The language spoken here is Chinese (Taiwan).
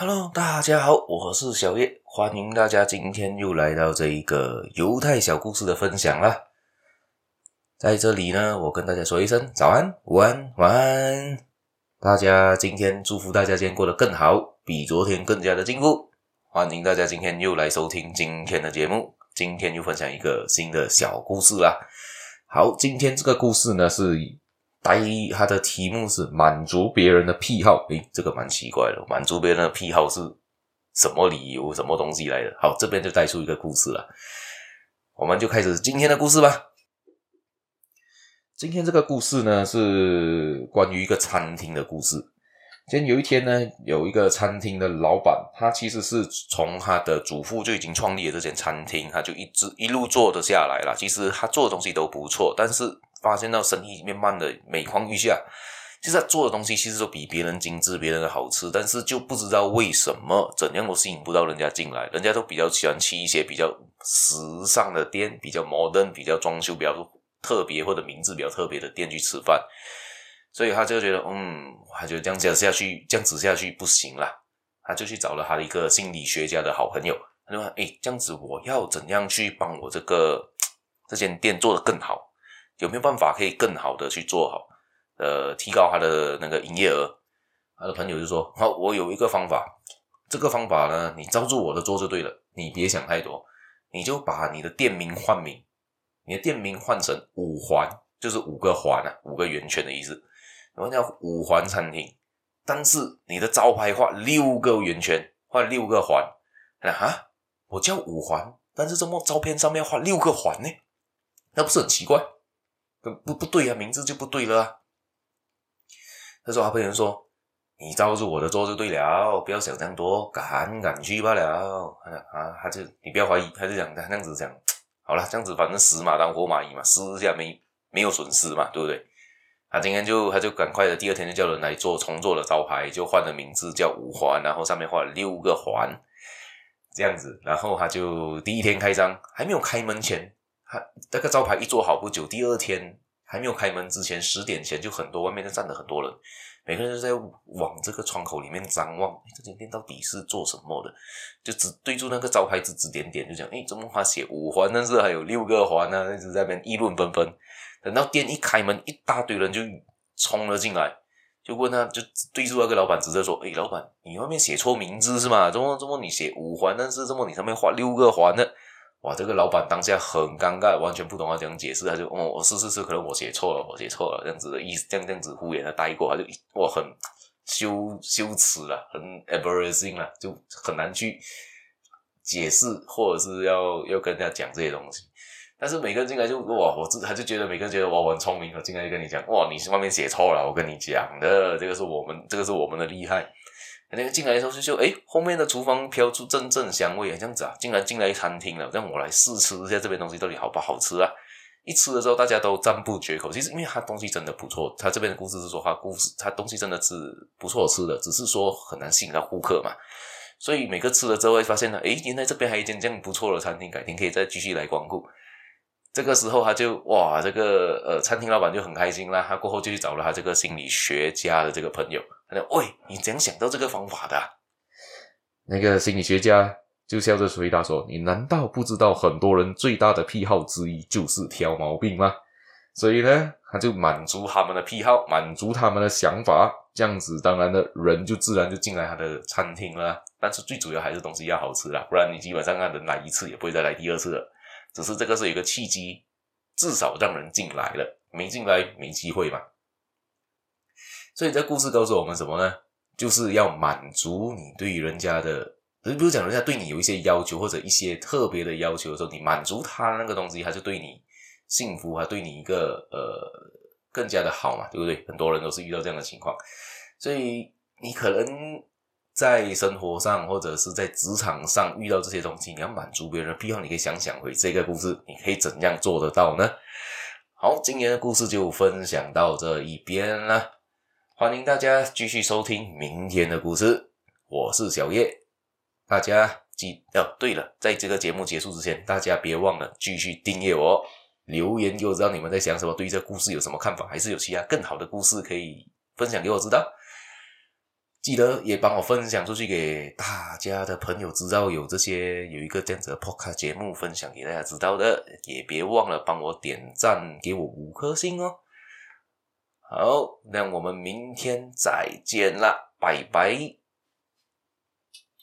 Hello，大家好，我是小葉，歡迎大家今天又來到這一個猶太小故事的分享啦。在這裡呢，我跟大家說一聲早安、午安、晚安。大家今天祝福大家今天過得更好，比昨天更加的進步。歡迎大家今天又來收聽今天的節目，今天又分享一個新的小故事啦。好，今天這個故事呢，是。帶他的題目是滿足別人的癖好，誒，這個蠻奇怪的，滿足別人的癖好是什麼理由，什麼東西來的？好，這邊就帶出一個故事了，我們就開始今天的故事吧。今天這個故事呢，是關於一個餐廳的故事。其實有一天呢，有一個餐廳的老板，他其實是從他的祖父就已經創立了這間餐廳，他就一直一路做得下來了。其實他做的東西都不錯，但是發現到生意慢慢的每況愈下。其實他做的東西其實都比別人精緻，別人的好吃，但是就不知道為什麼怎樣都吸引不到人家進來，人家都比較喜歡去一些比較時尚的店，比較 modern，比較裝修比較特別或者名字比較特別的店去吃飯。所以他就覺得，嗯，他覺得這樣子下去，這樣子下去不行了。他就去找了他的一個心理學家的好朋友，他就問：“誒，這樣子我要怎樣去幫我這個這間店做得更好？有沒有辦法可以更好的去做好？呃，提高他的那個營業額？”他的朋友就說：“好，我有一個方法。這個方法呢，你照住我的做就對了。你別想太多，你就把你的店名換名，你的店名換成五環，就是五個環啊，五個圓圈的意思。”我叫五環餐廳，但是你的招牌畫六個圓圈，畫六個環。啊，哈，我叫五環，但是這麼照片上面畫六個環呢，那不是很奇怪？不不不對啊，名字就不對了啊。”他說：“他朋友說，你照着我的做就對了，不要想這樣多，趕趕去罷了。”啊，他就你不要懷疑，他就講他這樣子講，好了，這樣子反正死馬當活馬醫嘛，私下沒沒有損失嘛，對不對？”他今天就，他就趕快的，第二天就叫人來做重做的招牌，就換了名字叫五環，然後上面畫了六個環，這樣子，然後他就第一天開張，還沒有開門前，他那個招牌一做好不久，第二天。還沒有開門之前，十點前就很多外面就站着很多人，每個人都在往這個窗口裡面張望，這間店到底是做什麼的？就只對住那個招牌指指點點，就講，哎，怎麼畫寫五環，但是還有六個環呢、啊，一直在那邊議論紛紛。等到店一開門，一大堆人就衝了進來，就問他，就對住那個老闆直接說，哎，老闆，你外面寫錯名字是嗎？怎麼怎麼你寫五環，但是怎麼你上面畫六個環呢？哇，這個老板當下很尷尬，完全不懂他怎樣解釋。他就哦，是是是，可能我寫錯了，我寫錯了，這樣子的意這樣這樣子敷衍地帶過，他就我很羞羞恥啦，很 embarrassing 啦，就很難去解釋或者是要要跟人家講這些東西。但是每個人進來就哇，我自他就覺得每個人覺得我很聰明，我進來就跟你講，哇，你是外面寫錯了，我跟你講的，這個是我們這個是我們的厲害。那個進來的時候就就哎，後面的廚房飄出陣陣香味啊，這樣子啊，竟然進來餐廳了，讓我來試吃一下這邊東西到底好不好吃啊！一吃的時候，大家都讚不絕口。其實因為他東西真的不錯，他這邊的故事是說他故事，他東西真的是不錯吃的，只是說很難吸引到顧客嘛。所以每個吃了之後會發現呢，哎，原來這邊還有一間這樣不錯的餐廳，改天可以再繼續來光顧。這個時候他就哇，這個呃餐廳老板就很開心啦，他過後就去找了他這個心理學家的這個朋友。他說：“喂、哎，你怎樣想到這個方法的、啊？”那個心理學家就笑着回答說：“你難道不知道很多人最大的癖好之一就是挑毛病嗎？所以呢，他就滿足他們的癖好，滿足他們的想法，這樣子當然的，人就自然就進來他的餐廳了。但是最主要還是東西要好吃啦，不然你基本上讓人來一次也不會再來第二次了。只是這個是一個契機，至少讓人進來了，沒進來沒機會嘛。”所以，這故事告訴我們什麼呢？就是要滿足你對人家的，比如講，人家對你有一些要求或者一些特別的要求的時候，你滿足他那個東西，他就對你幸福，啊，對你一個呃更加的好嘛，對不對？很多人都是遇到這樣的情況，所以你可能在生活上或者是在職場上遇到這些東西，你要滿足別人，比方你可以想想回這個故事，你可以怎樣做得到呢？好，今天的故事就分享到這一邊了。歡迎大家繼續收聽明天的故事，我是小葉。大家記哦，對了，在這個節目結束之前，大家別忘了繼續訂閱我，留言給我知道你們在想什麼，對這個故事有什麼看法，還是有其他更好的故事可以分享給我知道。記得也幫我分享出去給大家的朋友知道有這些有一個這樣子的 podcast 節目分享給大家知道的，也別忘了幫我點讚，給我五顆星哦。好，那我們明天再見啦，拜拜。